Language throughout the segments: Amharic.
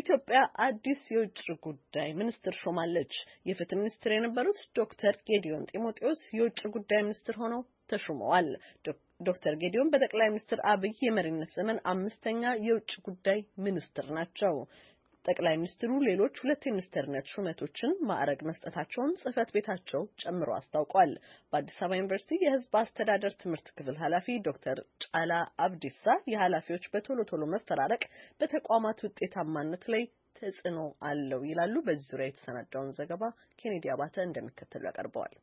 ኢትዮጵያ አዲስ የውጭ ጉዳይ ሚኒስትር ሾማለች። የፍትህ ሚኒስትር የነበሩት ዶክተር ጌዲዮን ጢሞቴዎስ የውጭ ጉዳይ ሚኒስትር ሆነው ተሹመዋል። ዶክተር ጌዲዮን በጠቅላይ ሚኒስትር አብይ የመሪነት ዘመን አምስተኛ የውጭ ጉዳይ ሚኒስትር ናቸው። ጠቅላይ ሚኒስትሩ ሌሎች ሁለት የሚኒስትርነት ሹመቶችን ማዕረግ መስጠታቸውን ጽህፈት ቤታቸው ጨምሮ አስታውቋል። በአዲስ አበባ ዩኒቨርሲቲ የህዝብ አስተዳደር ትምህርት ክፍል ኃላፊ ዶክተር ጫላ አብዲሳ የኃላፊዎች በቶሎ ቶሎ መፈራረቅ በተቋማት ውጤታማነት ላይ ተጽዕኖ አለው ይላሉ። በዚህ ዙሪያ የተሰናዳውን ዘገባ ኬኔዲ አባተ እንደሚከተሉ ያቀርበዋል።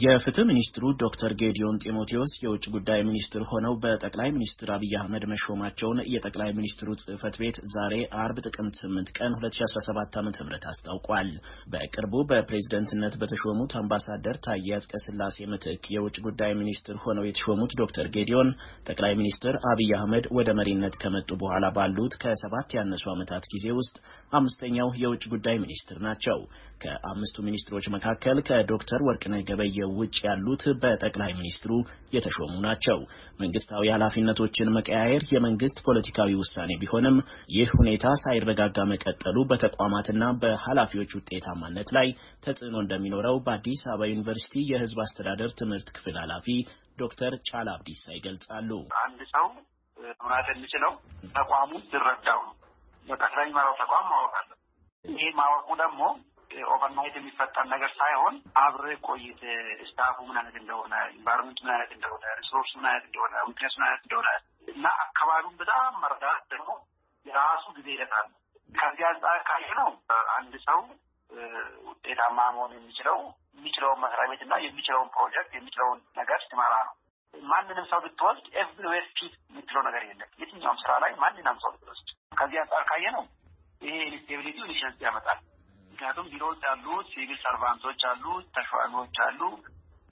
የፍትህ ሚኒስትሩ ዶክተር ጌዲዮን ጢሞቴዎስ የውጭ ጉዳይ ሚኒስትር ሆነው በጠቅላይ ሚኒስትር አብይ አህመድ መሾማቸውን የጠቅላይ ሚኒስትሩ ጽህፈት ቤት ዛሬ አርብ ጥቅምት 8 ቀን 2017 ዓ ም አስታውቋል። በቅርቡ በፕሬዝደንትነት በተሾሙት አምባሳደር ታዬ አጽቀሥላሴ ምትክ የውጭ ጉዳይ ሚኒስትር ሆነው የተሾሙት ዶክተር ጌዲዮን ጠቅላይ ሚኒስትር አብይ አህመድ ወደ መሪነት ከመጡ በኋላ ባሉት ከሰባት ያነሱ ዓመታት ጊዜ ውስጥ አምስተኛው የውጭ ጉዳይ ሚኒስትር ናቸው። ከአምስቱ ሚኒስትሮች መካከል ከዶክተር ወርቅነህ ገበየ ከመለየው ውጭ ያሉት በጠቅላይ ሚኒስትሩ የተሾሙ ናቸው። መንግስታዊ ኃላፊነቶችን መቀያየር የመንግስት ፖለቲካዊ ውሳኔ ቢሆንም ይህ ሁኔታ ሳይረጋጋ መቀጠሉ በተቋማትና በኃላፊዎች ውጤታማነት ላይ ተጽዕኖ እንደሚኖረው በአዲስ አበባ ዩኒቨርሲቲ የህዝብ አስተዳደር ትምህርት ክፍል ኃላፊ ዶክተር ጫላ አብዲሳ ይገልጻሉ። አንድ ሰው መምራት የሚችለው ተቋሙ ሲረዳው ነው። በቃ ስለሚመራው ተቋም ማወቅ አለ። ይህ ማወቁ ደግሞ ኦቨርናይት የሚፈጠር ነገር ሳይሆን አብረ ቆይት ስታፉ ምን አይነት እንደሆነ፣ ኢንቫይሮንመንት ምን አይነት እንደሆነ፣ ሪሶርስ ምን አይነት እንደሆነ፣ ዊክነስ ምን አይነት እንደሆነ እና አካባቢውን በጣም መረዳት ደግሞ የራሱ ጊዜ ይለታል። ከዚህ አንጻር ካየ ነው አንድ ሰው ውጤታማ መሆን የሚችለው የሚችለውን መስሪያ ቤት እና የሚችለውን ፕሮጀክት የሚችለውን ነገር ሲመራ ነው። ማንንም ሰው ብትወስድ ኤቭሪዌር ፊት የምትለው ነገር የለም። የትኛውም ስራ ላይ ማንኛውም ሰው ብትወስድ ከዚህ አንጻር ካየ ነው ይሄ ኢንስቴቢሊቲ ኢንሽንስ ያመጣል። ምክንያቱም ቢሮ ውስጥ ያሉ ሲቪል ሰርቫንቶች አሉ፣ ተሿሚዎች አሉ።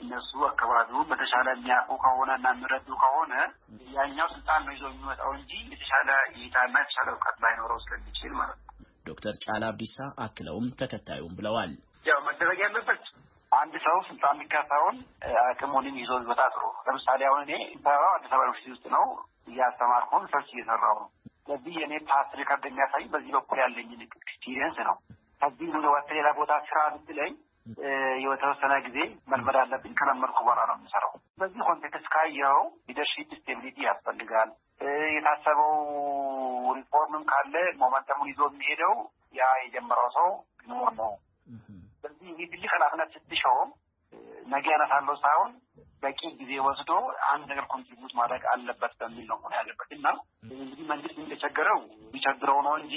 እነሱ አካባቢውን በተሻለ የሚያውቁ ከሆነ እና የሚረዱ ከሆነ ያኛው ስልጣን ነው ይዞ የሚመጣው እንጂ የተሻለ እይታና የተሻለ እውቀት ላይኖረው ስለሚችል ማለት ነው። ዶክተር ጫላ አብዲሳ አክለውም ተከታዩም ብለዋል። ያው መደረግ ያለበት አንድ ሰው ስልጣን የሚከፋውን አቅሙንም ይዞ ይወጣ ጥሩ። ለምሳሌ አሁን እኔ ሰራው አዲስ አበባ ዩኒቨርሲቲ ውስጥ ነው እያስተማርኩን ሰርች እየሰራው ነው። ስለዚህ የእኔ ፓስት ሪከርድ የሚያሳይ በዚህ በኩል ያለኝን ኤክስፒሪየንስ ነው። ከዚህ ወደ ወተ ሌላ ቦታ ስራ ብትለኝ የተወሰነ ጊዜ መልመድ አለብኝ። ከለመድኩ በኋላ ነው የምሰራው። በዚህ ኮንቴክስት ካየኸው ሊደርሺፕ ስቴቢሊቲ ያስፈልጋል። የታሰበው ሪፎርምም ካለ ሞመንተሙን ይዞ የሚሄደው ያ የጀመረው ሰው ቢኖር ነው። በዚህ ይህ ትልቅ ኃላፊነት ስትሸውም ነገ ያነሳለው ሳይሆን በቂ ጊዜ ወስዶ አንድ ነገር ኮንትሪቡት ማድረግ አለበት በሚል ነው ሆነ ያለበት እና እንግዲህ መንግስት እንደቸገረው የሚቸግረው ነው እንጂ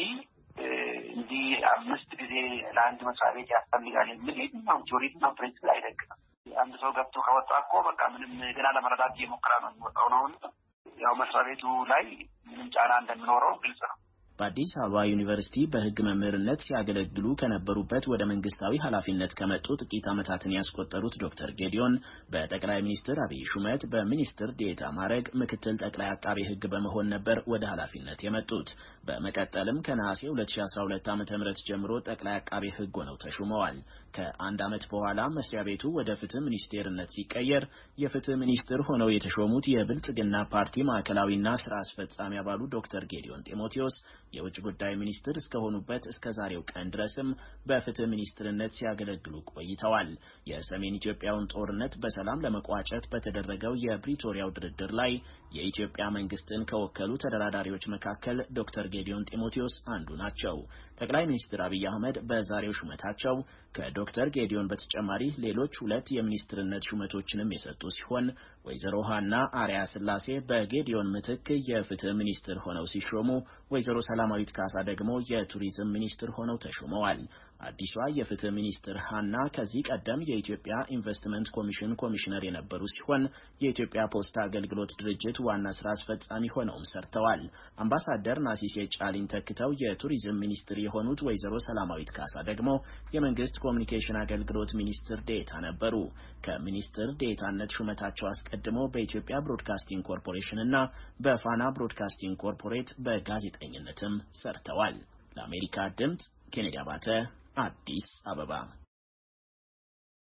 እንዲህ አምስት ጊዜ ለአንድ መስሪያ ቤት ያስፈልጋል የሚል የትኛውም ቲዮሪና ፕሪንስፕል አይደግም። አንድ ሰው ገብቶ ከወጣ እኮ በቃ ምንም ገና ለመረዳት እየሞከራ ነው የሚወጣው ነው። ያው መስሪያ ቤቱ ላይ ምንም ጫና እንደሚኖረው ግልጽ ነው። በአዲስ አበባ ዩኒቨርሲቲ በሕግ መምህርነት ሲያገለግሉ ከነበሩበት ወደ መንግስታዊ ኃላፊነት ከመጡ ጥቂት ዓመታትን ያስቆጠሩት ዶክተር ጌዲዮን በጠቅላይ ሚኒስትር አብይ ሹመት በሚኒስትር ዴታ ማዕረግ ምክትል ጠቅላይ አቃቤ ሕግ በመሆን ነበር ወደ ኃላፊነት የመጡት። በመቀጠልም ከነሐሴ 2012 ዓ ም ጀምሮ ጠቅላይ አቃቤ ሕግ ሆነው ተሹመዋል። ከአንድ ዓመት በኋላ መስሪያ ቤቱ ወደ ፍትህ ሚኒስቴርነት ሲቀየር የፍትህ ሚኒስትር ሆነው የተሾሙት የብልጽግና ፓርቲ ማዕከላዊና ስራ አስፈጻሚ አባሉ ዶክተር ጌዲዮን ጢሞቴዎስ የውጭ ጉዳይ ሚኒስትር እስከሆኑበት እስከ ዛሬው ቀን ድረስም በፍትህ ሚኒስትርነት ሲያገለግሉ ቆይተዋል። የሰሜን ኢትዮጵያውን ጦርነት በሰላም ለመቋጨት በተደረገው የፕሪቶሪያው ድርድር ላይ የኢትዮጵያ መንግስትን ከወከሉ ተደራዳሪዎች መካከል ዶክተር ጌዲዮን ጢሞቴዎስ አንዱ ናቸው። ጠቅላይ ሚኒስትር አብይ አህመድ በዛሬው ሹመታቸው ከዶክተር ጌዲዮን በተጨማሪ ሌሎች ሁለት የሚኒስትርነት ሹመቶችንም የሰጡ ሲሆን ወይዘሮ ሀና አርያ ስላሴ በጌዲዮን ምትክ የፍትህ ሚኒስትር ሆነው ሲሾሙ ወይዘሮ ሰላማዊት ካሳ ደግሞ የቱሪዝም ሚኒስትር ሆነው ተሾመዋል። አዲሷ የፍትህ ሚኒስትር ሀና ከዚህ ቀደም የኢትዮጵያ ኢንቨስትመንት ኮሚሽን ኮሚሽነር የነበሩ ሲሆን የኢትዮጵያ ፖስታ አገልግሎት ድርጅት ዋና ስራ አስፈጻሚ ሆነውም ሰርተዋል። አምባሳደር ናሲሴ ጫሊን ተክተው የቱሪዝም ሚኒስትር የሆኑት ወይዘሮ ሰላማዊት ካሳ ደግሞ የመንግስት ኮሚኒኬሽን አገልግሎት ሚኒስትር ዴታ ነበሩ። ከሚኒስትር ዴታነት ሹመታቸው አስቀድሞ በኢትዮጵያ ብሮድካስቲንግ ኮርፖሬሽን እና በፋና ብሮድካስቲንግ ኮርፖሬት በጋዜጠኝነትም ሰርተዋል። ለአሜሪካ ድምፅ ኬኔዲ አባተ አዲስ አበባ